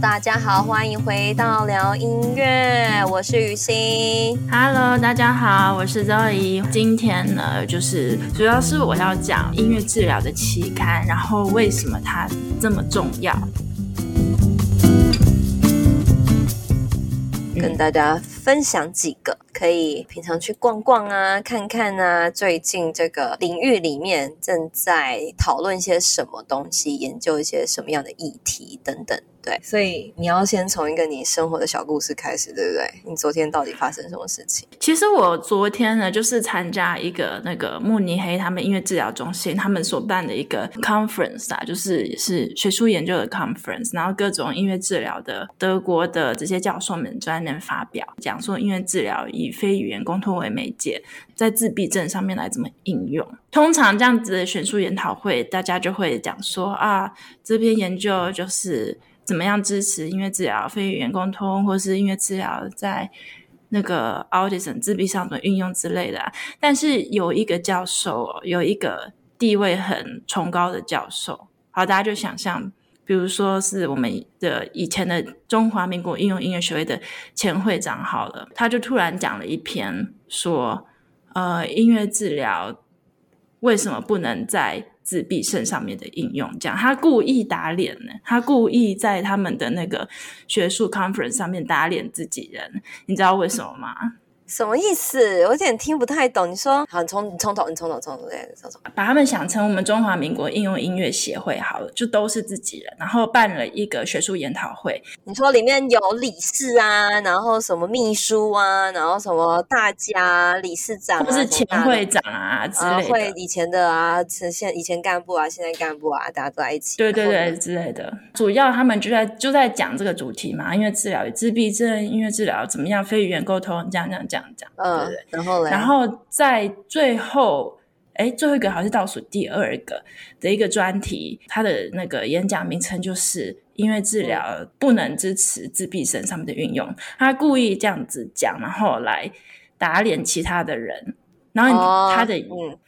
大家好，歡迎回到療音樂，我是雨欣。Hello，大家好，我是 Zoey。今天呢，就是主要是我要講音樂治療的期刊，然後為什麼它這麼重要，跟大家。嗯分享幾個可以平常去逛逛啊，看看啊，最近這個領域裡面正在討論一些什麼東西，研究一些什麼樣的議題等等，對，所以你要先從一個你生活的小故事開始，對不對？你昨天到底發生什麼事情？其實我昨天呢，就是參加一個那個慕尼黑他們音樂治療中心他們所辦的一個 conference 啊，就是是學術研究的 conference，然後各種音樂治療的德國的這些教授們在那邊發表講說音樂治療以非語言溝通為媒介，在自閉症上面來怎麼應用？通常這樣子的學術研討會，大家就會講說啊，這篇研究就是怎麼樣支持音樂治療非語言溝通，或是音樂治療在那個 autism 自閉上的運用之類的啊。但是有一個教授，有一個地位很崇高的教授，好，大家就想象。比如說是我們的以前的中華民國應用音樂學會的前會長，好了，他就突然講了一篇說，說呃音樂治療為什麼不能在自閉症上面的應用？這樣，他故意打臉呢，他故意在他們的那個學術 conference 上面打臉自己人，你知道為什麼嗎？什麼意思？我有點聽不太懂。你說，好，你從你從頭，你從頭，從頭，從頭，把他們想成我們中華民國應用音樂協會好了，就都是自己人。然後辦了一個學術研討會。你說裡面有理事啊，然後什麼秘書啊，然後什麼大家，理事長、啊，不是前會長啊之類的，呃、會以前的啊，現、呃、以前幹部啊，現在幹部啊，大家都在一起，對對對，之類的。主要他們就在就在講這個主題嘛，音樂治療與自閉症音樂治療怎麼樣，非語言溝通，這樣這樣講。這樣嗯、對對，然後在最後，哎，最後一個好像是倒數第二個的一個專題，他的那個演講名稱就是“音樂治療不能支持自閉症上面的運用”嗯。他故意這樣子講，然後來打臉其他的人，然後他的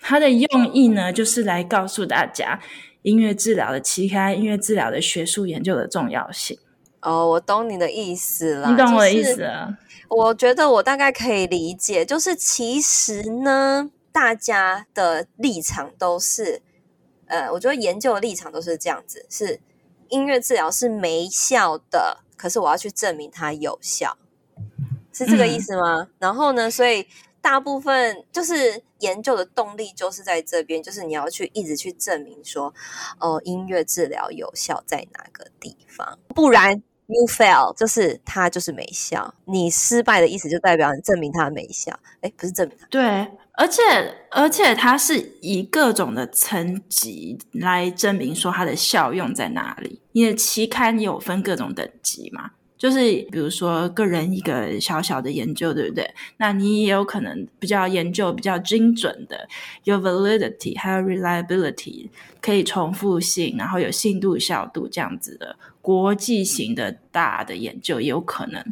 他、哦、的用意呢、嗯，就是來告訴大家音樂治療的期刊、音樂治療的學術研究的重要性。哦，我懂你的意思了，你懂我的意思了、啊。就是我覺得我大概可以理解，就是其實呢，大家的立場都是，呃，我覺得研究的立場都是這樣子：是音樂治療是沒效的，可是我要去證明它有效，是這個意思嗎？嗯、然後呢，所以大部分就是研究的動力就是在這邊，就是你要去一直去證明說，哦、呃，音樂治療有效在哪個地方，不然。You fail，就是他就是沒效。你失敗的意思就代表你證明他沒效。哎，不是證明他。對，而且而且它是以各種的層級來證明說它的效用在哪裡。你的期刊有分各種等級嘛？就是比如說個人一個小小的研究，對不對？那你也有可能比較研究比較精準的，有 validity，還有 reliability，可以重複性，然後有信度、效度這樣子的。國際型的大的研究也有可能，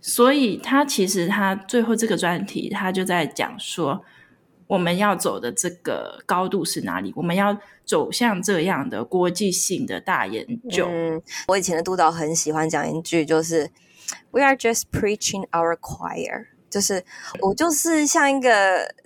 所以他其實他最後這個專題他就在講說，我們要走的這個高度是哪裡？我們要走向這樣的國際性的大研究。嗯，我以前的督導很喜歡講一句，就是 "We are just preaching our choir." 就是我就是像一個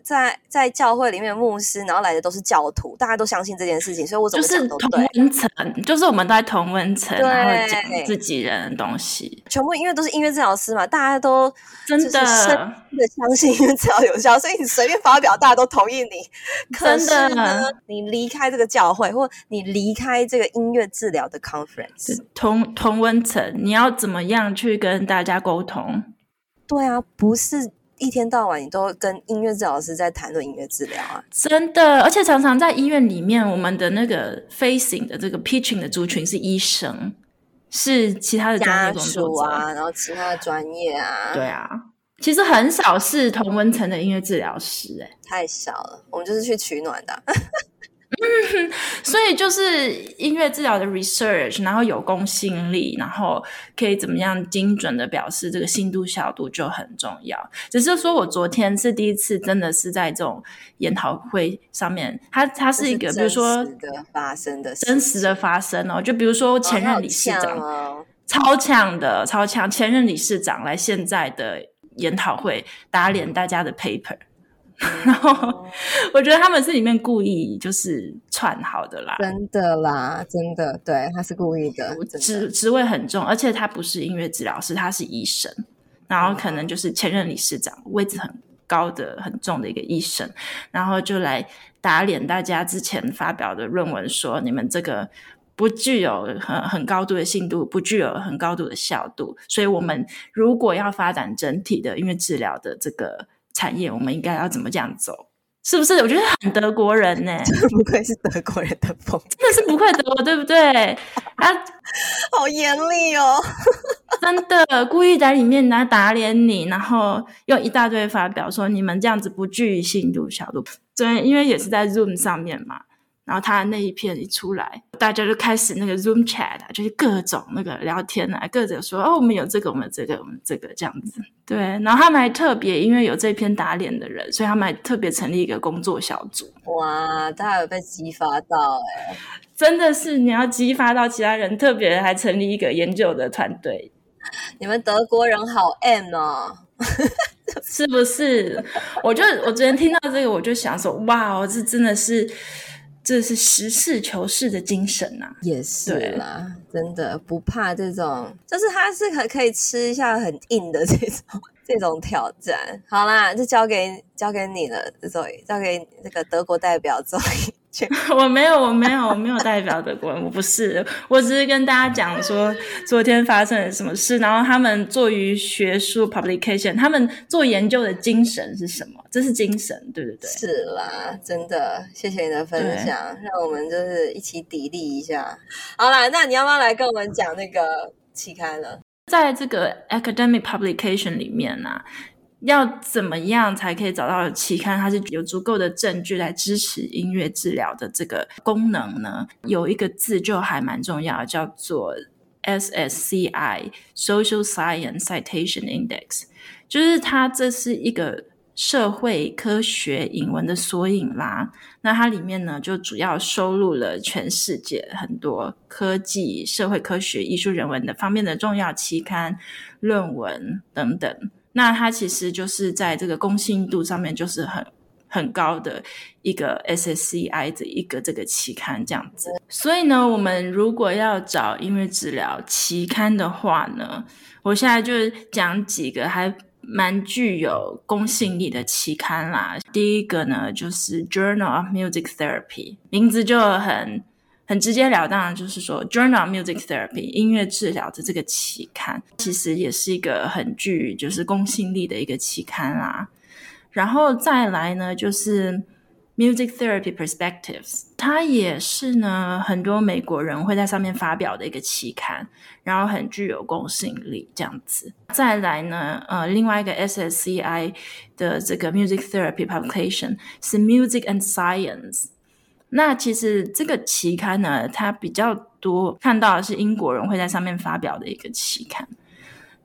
在在教會裡面的牧師，然後來的都是教徒，大家都相信這件事情，所以我怎麼講都對。就是同溫層，就是我們都在同溫層，然後講自己人的東西，全部因為都是音樂治療師嘛，大家都真的真的相信音樂治療有效，所以你隨便發表，大家都同意你。可是呢的，你離開這個教會，或你離開這個音樂治療的 conference，同同溫層，你要怎麼樣去跟大家溝通？對啊，不是一天到晚你都跟音樂治療師在談論音樂治療啊，真的，而且常常在醫院裡面，我們的那個 facing 的這個 pitching 的族群是醫生，是其他的專業工作者、家屬啊，然後其他的專業啊，對啊，其實很少是同溫層的音樂治療師、欸，哎，太少了，我們就是去取暖的、啊。 所以就是音樂治療的 research，然後有公信力，然後可以怎麼樣精準的表示，這個信度效度就很重要。只是說我昨天是第一次，真的是在這種研討會上面，它它是一個，比如說真實的發生的事，真實的發生哦。就比如說前任理事長，哦哦、超強的超強前任理事長來現在的研討會打臉大家的 paper。 然後我覺得他們是裡面故意就是串好的啦，真的啦，真的，對，他是故意的，職職位很重，而且他不是音樂治療師，他是醫生，然後可能就是前任理事長，位置很高的、很重的一個醫生，然後就來打臉大家之前發表的論文說，說你們這個不具有很很高度的信度，不具有很高度的效度，所以我們如果要發展整體的音樂治療的這個。產業，我們應該要怎麼這樣走？是不是？我覺得很德國人呢、欸，真的不愧是德國人的風，真的是不愧德國， 對不對？啊，好嚴厲哦， 真的故意在裡面來打臉你，然後用一大堆發表說你們這樣子不具信度、效度，對，因為也是在 Zoom 上面嘛。然後他那一片一出來，大家就開始那個 Zoom chat，就是各種那個聊天啊，各種說哦，我們有這個，我們有這個，我們有這個這樣子。對，然後他們還特別，因為有這篇打臉的人，所以他們還特別成立一個工作小組。哇，大家有被激發到哎，欸，真的是你要激發到其他人，特別還成立一個研究的團隊。你們德國人好 M 哦， 是不是？我就我昨天聽到這個，我就想說哇，這真的是。這是實事求是的精神吶、啊，也是啦，對啦，真的不怕這種，就是他是可可以吃一下很硬的這種這種挑戰。好啦，就交給交給你了，作業交給那個德國代表作業。 我沒有，我沒有，我沒有代表德國， 我不是，我只是跟大家講說昨天發生了什麼事，然後他們做於學術 publication，他們做研究的精神是什麼？這是精神，對不對？是啦，真的，謝謝你的分享，讓我們就是一起砥礪一下。好了，那你要不要來跟我們講那個期刊了？在這個 academic publication 裡面呢、啊？要怎麼樣才可以找到期刊？它是有足夠的證據來支持音樂治療的這個功能呢？有一個字就還蠻重要，叫做 SSCI（Social Science Citation Index），就是它這是一個社會科學引文的索引啦。那它裡面呢，就主要收錄了全世界很多科技、社會科學、藝術、人文等方面的重要期刊、論文等等。那它其實就是在這個公信度上面，就是很很高的一個 SSCI 的一個這個期刊這樣子，所以呢，我們如果要找音樂治療期刊的話呢，我現在就講幾個還蠻具有公信力的期刊啦。第一個呢，就是 Journal of Music Therapy，名字就很。很直截了當的就是說，Journal of Music Therapy 音樂治療的這個期刊，其實也是一個很具就是公信力的一個期刊啦。然後再來呢，就是 Music Therapy Perspectives，它也是呢很多美國人會在上面發表的一個期刊，然後很具有公信力這樣子。再來呢，呃，另外一個 SSCI 的這個 Music Therapy Publication 是 Music and Science。那其實這個期刊呢，它比較多看到的是英國人會在上面發表的一個期刊。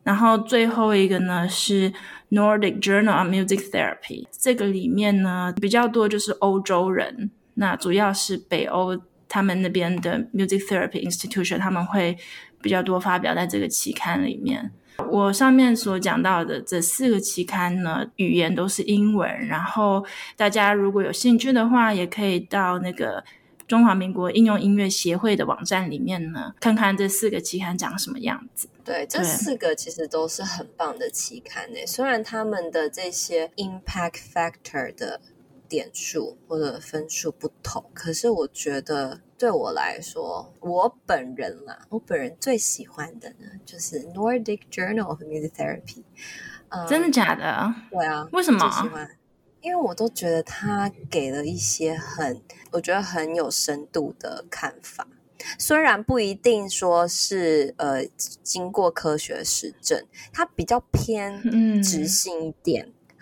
然後最後一個呢，是 Nordic Journal of Music Therapy，這個裡面呢，比較多就是歐洲人，那主要是北歐他們那邊的 Music Therapy Institution，他們會比較多發表在這個期刊裡面。我上面所講到的這四個期刊呢，語言都是英文。然後大家如果有興趣的話，也可以到那個中華民國應用音樂協會的網站裡面呢，看看這四個期刊長什麼樣子。對，對這四個其實都是很棒的期刊呢。雖然他們的這些 impact factor 的。點數或者分數不同，可是我覺得對我來說，我本人啦，我本人最喜歡的呢，就是 Nordic Journal of Music Therapy，呃。真的假的？對啊，為什麼？最喜歡，因為我都覺得他給了一些很，我覺得很有深度的看法。雖然不一定說是呃經過科學實證，他比較偏質性一點。嗯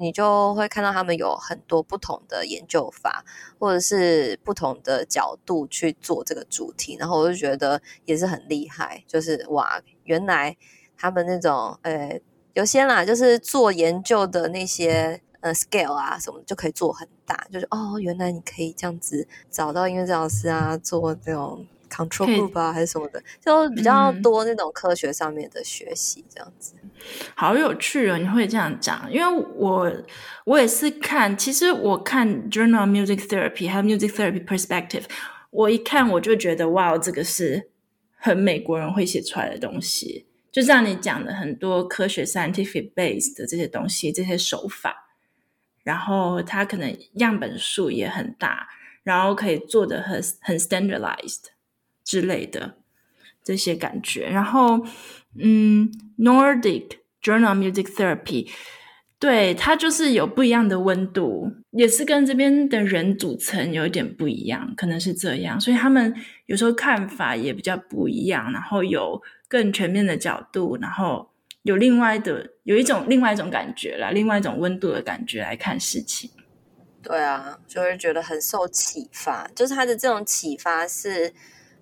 你就會看到他們有很多不同的研究法，或者是不同的角度去做這個主題，然後我就覺得也是很厲害。就是哇，原來他們那種呃、欸，有些啦，就是做研究的那些呃 scale 啊什麼，就可以做很大。就是哦，原來你可以這樣子找到音樂治療師啊，做這種。Control 吧，okay，還是什麼的，就比較多那種科學上面的學習這樣子，好有趣哦，你會這樣講。因為我我也是看，其實我看 Journal Music Therapy 還有 Music Therapy Perspective，我一看我就覺得哇，哦，這個是很美國人會寫出來的東西，就像你講的很多科學 scientific base 的這些東西，這些手法，然後它可能樣本數也很大，然後可以做得很很 standardized，之類的這些感覺，然後，嗯，Nordic Journal Music Therapy，對，它就是有不一樣的溫度，也是跟這邊的人組成有一點不一樣，可能是這樣，所以他們有時候看法也比較不一樣，然後有更全面的角度，然後有另外的有一種另外一種感覺啦，另外一種溫度的感覺來看事情。對啊，就會覺得很受啟發，就是他的這種啟發是。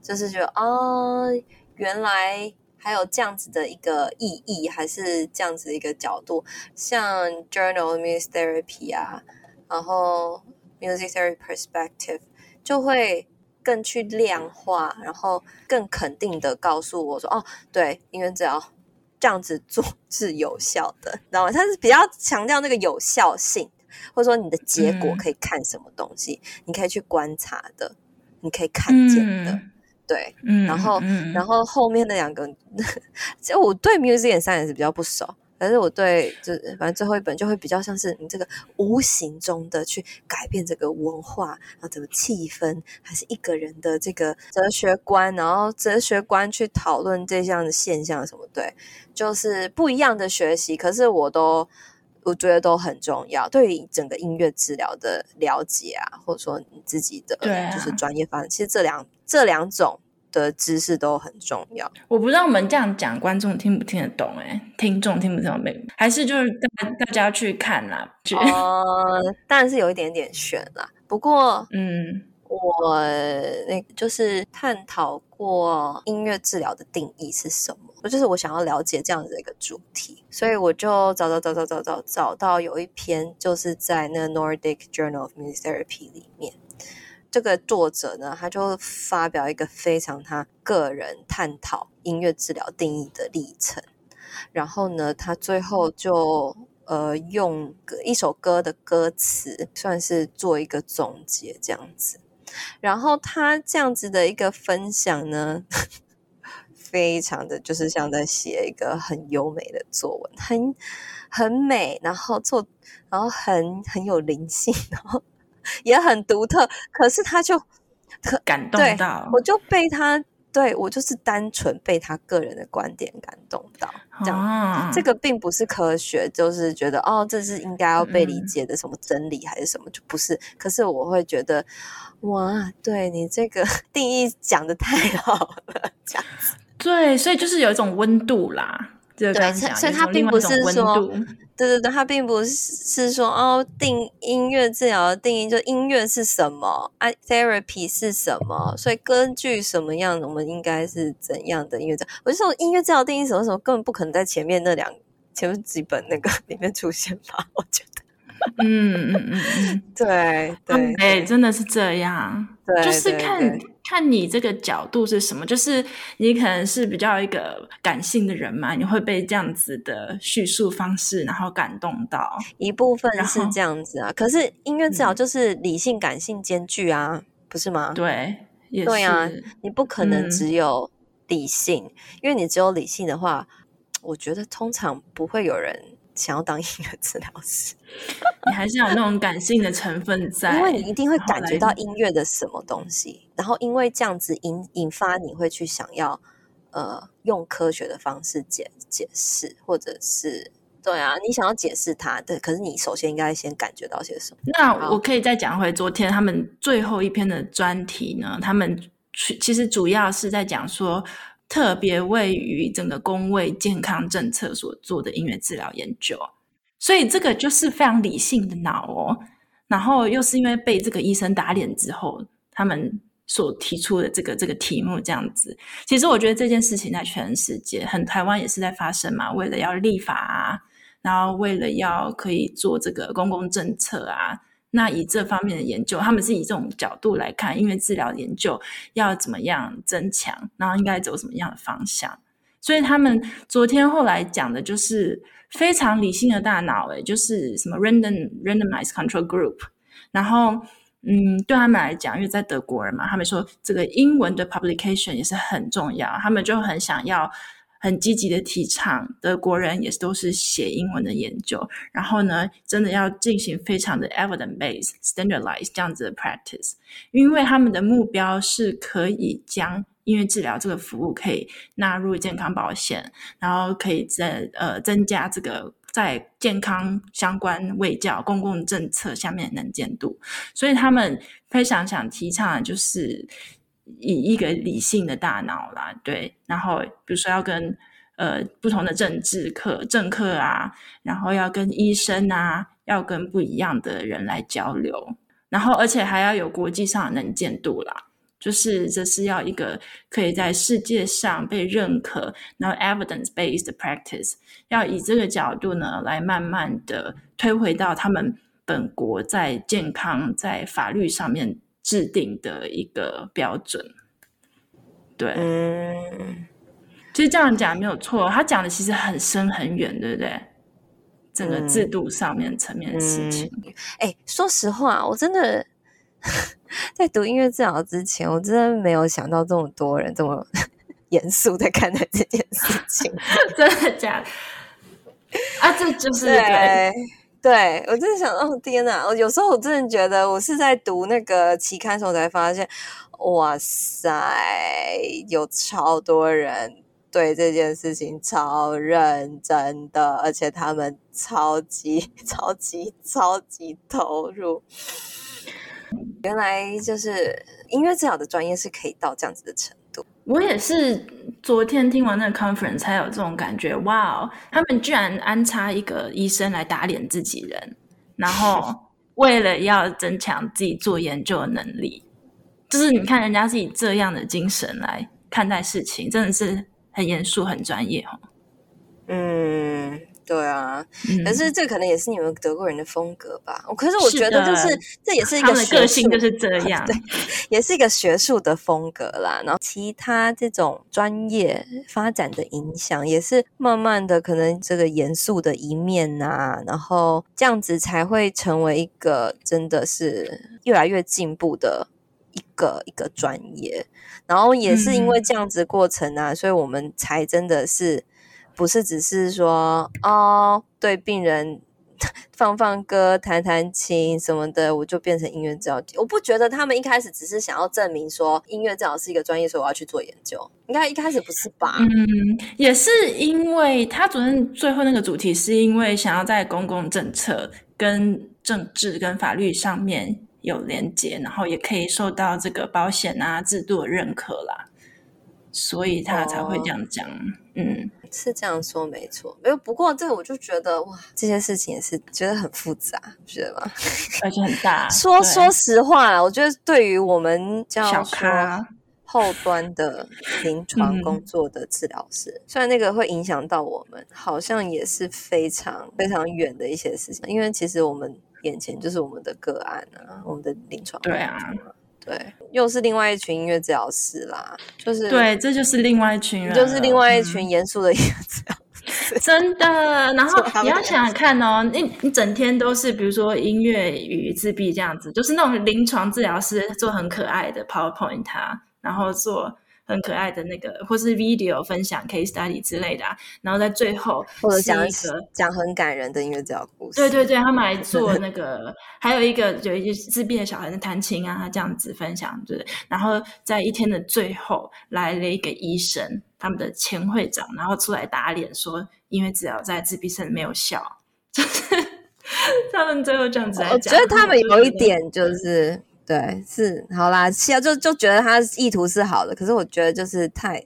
就是覺得啊、哦，原來還有這樣子的一個意義，還是這樣子的一個角度，像 journal of music therapy 啊，然後 music therapy perspective 就會更去量化，然後更肯定的告訴我說，哦，對，因為只要這樣子做是有效的，然後它是比較強調那個有效性，或者說你的結果可以看什麼東西，嗯、你可以去觀察的，你可以看見的。嗯對、嗯，然後、嗯，然後後面那兩個，就我對 Music & Science 也是比較不熟，但是我對就是反正最後一本就會比較像是你這個無形中的去改變這個文化，然後這個氣氛，還是一個人的這個哲學觀，然後哲學觀去討論這項的現象什麼？對，就是不一樣的學習，可是我都。我覺得都很重要，對於整個音樂治療的了解啊，或者說你自己的就是專業發展。啊，其實這兩這兩種的知識都很重要。我不知道我們這樣講，觀眾聽不聽得懂？哎，聽眾聽不聽得明？還是就是大家大家去看啦？呃，當然是有一點點懸啦。不過，嗯。我那就是探討過音樂治療的定義是什麼，就是我想要了解這樣子的一個主題，所以我就找到找到找找找找找到有一篇就是在那《Nordic Journal of Music Therapy》裡面，這個作者呢，他就發表一個非常他個人探討音樂治療定義的歷程，然後呢，他最後就呃用一首歌的歌詞算是做一個總結，這樣子。然後他這樣子的一個分享呢，非常的就是像在寫一個很優美的作文，很很美，然後做，然後很很有靈性，然後也很獨特。可是他就特感動到，我就被他。對，我就是單純被他個人的觀點感動到，這樣，啊、這個並不是科學，就是覺得哦，這是應該要被理解的什麼真理還是什麼，嗯、就不是。可是我會覺得，哇，對，你這個定義講得太好了，這樣子，對，所以就是有一種溫度啦。剛剛對，所以它並不是說，對對對，它並不是是說哦，定音樂治療的定義就音樂是什麼啊，therapy 是什麼，所以根據什麼樣，我們應該是怎樣的音樂我就說音樂治療定義什麼什麼，根本不可能在前面那兩前面幾本那個裡面出現吧？我覺得，嗯嗯嗯對對，哎、欸，真的是這樣，對就是看對。看你這個角度是什麼，就是你可能是比較一個感性的人嘛，你會被這樣子的敘述方式然後感動到一部分是這樣子啊。可是音樂治療就是理性感性兼具啊，嗯，不是嗎？對也是，對啊，你不可能只有理性，嗯，因為你只有理性的話，我覺得通常不會有人，想要當音樂治療師， 你還是有那種感性的成分在，因為你一定會感覺到音樂的什麼東西，然後因為這樣子引引發，你會去想要呃用科學的方式解解釋，或者是對啊，你想要解釋它，對，可是你首先應該先感覺到些什麼？那我可以再講回昨天他們最後一篇的專題呢，他們其實主要是在講說。特別位於整個公衛健康政策所做的音樂治療研究，所以這個就是非常理性的腦哦。然後又是因為被這個醫生打臉之後，他們所提出的這個這個題目這樣子。其實我覺得這件事情在全世界，很台灣也是在發生嘛。為了要立法啊，然後為了要可以做這個公共政策啊。那以這方面的研究，他們是以這種角度來看，因為治療研究要怎麼樣增強，然後應該走什麼樣的方向？所以他們昨天後來講的就是非常理性的大腦，欸，就是什麼 random, randomized control group。然後，嗯，對他們來講，因為在德國人嘛，他們說這個英文的 publication 也是很重要，他們就很想要。很積極的提倡，德國人也是都是寫英文的研究。然後呢，真的要進行非常的 evidence based、standardized 這樣子的 practice，因為他們的目標是可以將音樂治療這個服務可以納入健康保險，然後可以呃增加這個在健康相關衛教公共政策下面能見度。所以他們非常想提倡，就是。以一個理性的大腦啦，對，然後比如說要跟呃不同的政治客政客啊，然後要跟醫生啊，要跟不一樣的人來交流，然後而且還要有國際上能見度啦，就是這是要一個可以在世界上被認可，然後 evidence-based practice，要以這個角度呢來慢慢的推回到他們本國在健康在法律上面。制定的一個標準，對，嗯、其實這樣講沒有錯，哦。他講的其實很深很遠，對不對？整個制度上面層面的事情。哎、嗯嗯欸，說實話，我真的在讀音樂治療之前，我真的沒有想到這麼多人這麼嚴肅的看待這件事情。 真的假的？啊，這就是對。對，我真的想，哦天哪！我有時候我真的覺得，我是在讀那個期刊時候才發現，哇塞，有超多人對這件事情超認真的，而且他們超級超級超級投入。 原來就是音樂治療的專業是可以到這樣子的程度。我也是。昨天聽完那個 conference 才有這種感覺，哇！他們居然安插一個醫生來打臉自己人，然後為了要增強自己做研究的能力，就是你看人家是以這樣的精神來看待事情，真的是很嚴肅、很專業哦。嗯。對啊、嗯，可是這可能也是你們德國人的風格吧？可是我覺得就是，是這也是一個人的個性就是這樣 對，也是一個學術的風格啦。然後其他這種專業發展的影響，也是慢慢的可能這個嚴肅的一面啊，然後這樣子才會成為一個真的是越來越進步的一個一個專業。然後也是因為這樣子過程啊，嗯、所以我們才真的是。不是只是說哦，對病人放放歌、彈彈琴什麼的，我就變成音樂治療。我不覺得他們一開始只是想要證明說音樂治療是一個專業，所以我要去做研究。應該一開始不是吧？嗯，也是因為他主任最後那個主題是因為想要在公共政策、跟政治、跟法律上面有連接，然後也可以受到這個保險啊制度的認可啦，所以他才會這樣講。啊嗯，是這樣說沒錯。哎，不過對，我就覺得哇，這些事情也是覺得很複雜，覺得嗎？而且很大。說說實話啦，我覺得對於我們小咖後端的臨床工作的治療師，嗯，雖然那個會影響到我們，好像也是非常非常遠的一些事情。因為其實我們眼前就是我們的個案啊，我們的臨床。對啊，對。又是另外一群音樂治療師啦，就是對，這就是另外一群人，就是另外一群嚴肅的音樂治療師。嗯、 真的。然後你要想想看哦，你你整天都是比如說音樂與自閉這樣子，就是那種臨床治療師做很可愛的 PowerPoint 啊，然後做。很可愛的那個，或是 video 分享 case study 之類的、啊，然後在最後或者講一個講很感人的音樂治療故事。對對對，他們還做那個， 還有一個有一些自閉的小孩子彈琴啊，他這樣子分享對。然後在一天的最後來了一個醫生，他們的前會長，然後出來打臉說，音樂治療在自閉症沒有效。就是他們最後這樣子來講，我覺得他們有一點就是。對，是好啦，其實就就覺得他意圖是好的，可是我覺得就是太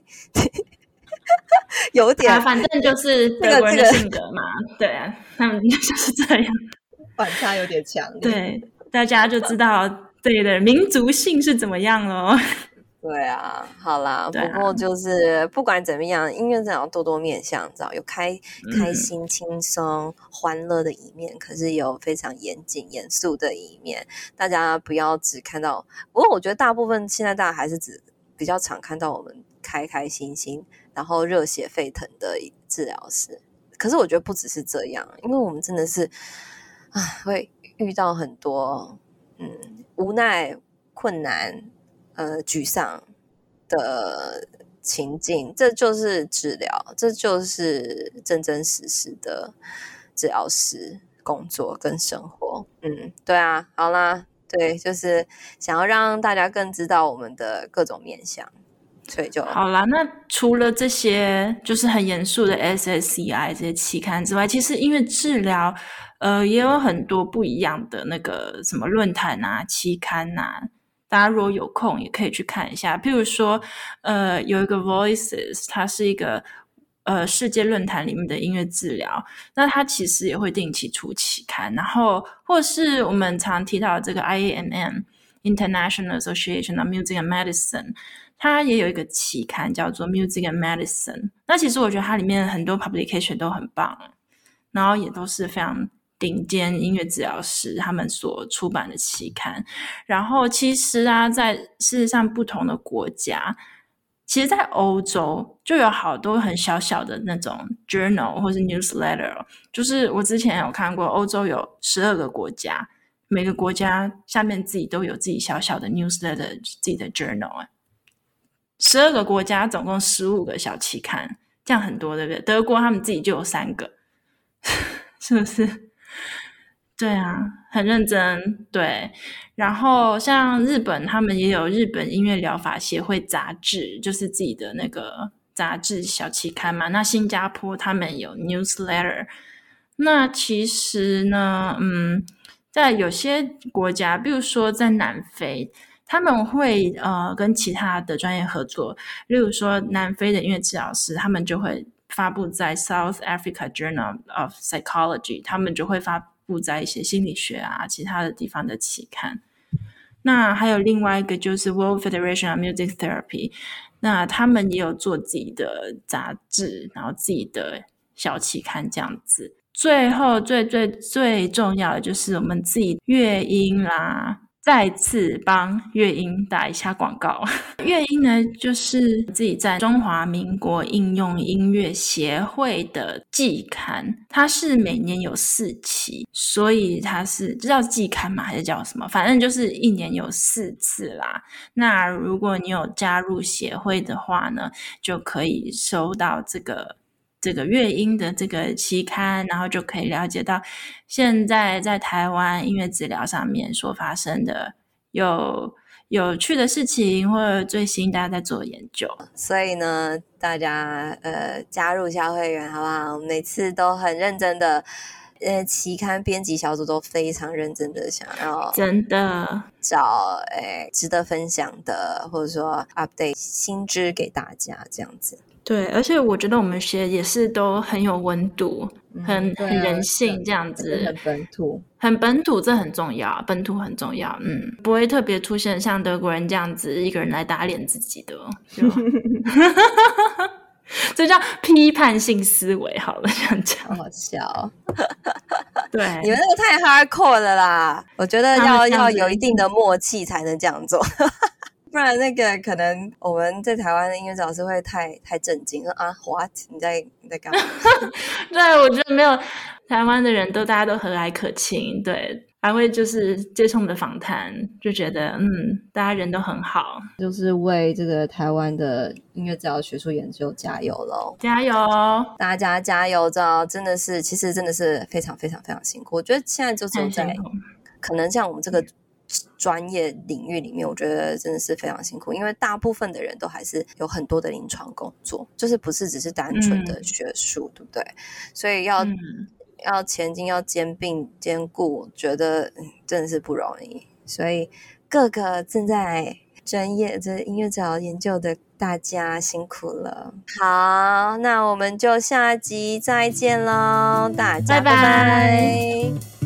有點、啊，反正就是德國人的性格嘛、那個這個，對啊，他們就是這樣，反差有點強，對，大家就知道，對的民族性是怎麼樣哦。對啊，好啦，啊，不過就是不管怎麼樣，音樂治療要多多面向，知道有開開心、輕鬆、歡樂的一面，嗯，可是有非常嚴謹、嚴肅的一面。大家不要只看到，不過我覺得大部分現在大家還是只比較常看到我們開開心心，然後熱血沸騰的治療師。可是我覺得不只是這樣，因為我們真的是啊，會遇到很多嗯無奈、困難。呃，沮喪的情境，這就是治療，這就是真真實實的治療師工作跟生活。嗯，對啊，好啦，對，就是想要讓大家更知道我們的各種面向，所以就好啦。那除了這些就是很嚴肅的 SSCI 這些期刊之外，其實因為治療，呃，也有很多不一樣的那個什麼論壇啊、期刊啊。大家如果有空，也可以去看一下。譬如說，呃，有一個 Voices，它是一個呃世界論壇裡面的音樂治療，那它其實也會定期出期刊。然後，或是我們常提到的這個 I A M M International Association of Music and Medicine，它也有一個期刊叫做 Music and Medicine。那其實我覺得它裡面很多 publication 都很棒，然後也都是非常，頂尖音樂治療師，他們所出版的期刊，然後其實啊，在事實上不同的國家，其實，在歐洲就有好多很小小的那種 journal 或是 newsletter，就是我之前有看過，歐洲有十二個國家，每個國家下面自己都有自己小小的 newsletter，自己的 journal，十二個國家總共十五個小期刊，這樣很多，對不對？德國他們自己就有三個， 是不是？對啊，很認真對。然後像日本，他們也有日本音樂療法協會雜誌，就是自己的那個雜誌小期刊嘛。那新加坡他們有 newsletter。那其實呢，嗯，在有些國家，比如說在南非，他們會呃跟其他的專業合作，例如說南非的音樂治療師，他們就會發布在 South Africa Journal of Psychology，他們就會發。布在一些心理學啊，其他的地方的期刊。那還有另外一個就是 World Federation of Music Therapy，那他們也有做自己的雜誌，然後自己的小期刊這樣子。最後，最最最重要的就是我們自己悅音啦。再次幫樂音打一下廣告。樂 音呢，就是自己在中華民國應用音樂協會的季刊，它是每年有四期，所以它是叫季刊嘛，還是叫什麼？反正就是一年有四次啦。那如果你有加入協會的話呢，就可以收到這個。這個悅音的這個期刊，然後就可以了解到現在在台灣音樂治療上面所發生的有有趣的事情，或者最新大家在做研究。所以呢，大家呃加入一下會員好不好？我們每次都很認真的，呃，期刊編輯小組都非常認真的想要真的找誒、哎、值得分享的，或者說 update 新知給大家這樣子。對，而且我覺得我們學也是都很有溫度，很、嗯、很人性、啊、這樣子，很本土，很本土，這很重要，本土很重要，嗯，不會特別出現像德國人這樣子一個人來打臉自己的，這 叫批判性思維，好了，這樣，好，好笑，哦，對 你們這個太 hardcore 了啦， 我覺得要 要有一定的默契才能這樣做。 不然，那個可能我們在台灣的音樂老師會太太震驚，說啊，what？你在你在幹嘛？ 對，我覺得沒有台灣的人都大家都和藹可親，對，還會就是接觸我們的訪談，就覺得嗯，大家人都很好，就是為這個台灣的音樂教育學術研究加油嘍！加油，大家加油！這真的是，其實真的是非常非常非常辛苦。我覺得現在就只有在可能像我們這個。嗯專業領域裡面，我覺得真的是非常辛苦，因為大部分的人都還是有很多的臨床工作，就是不是只是單純的學術，嗯、對不對？所以要、嗯、要前進，要兼併兼顧，覺得、嗯、真的是不容易。所以各個正在專業這音樂治療研究的大家辛苦了。好，那我們就下集再見嘍，大家拜拜。拜拜。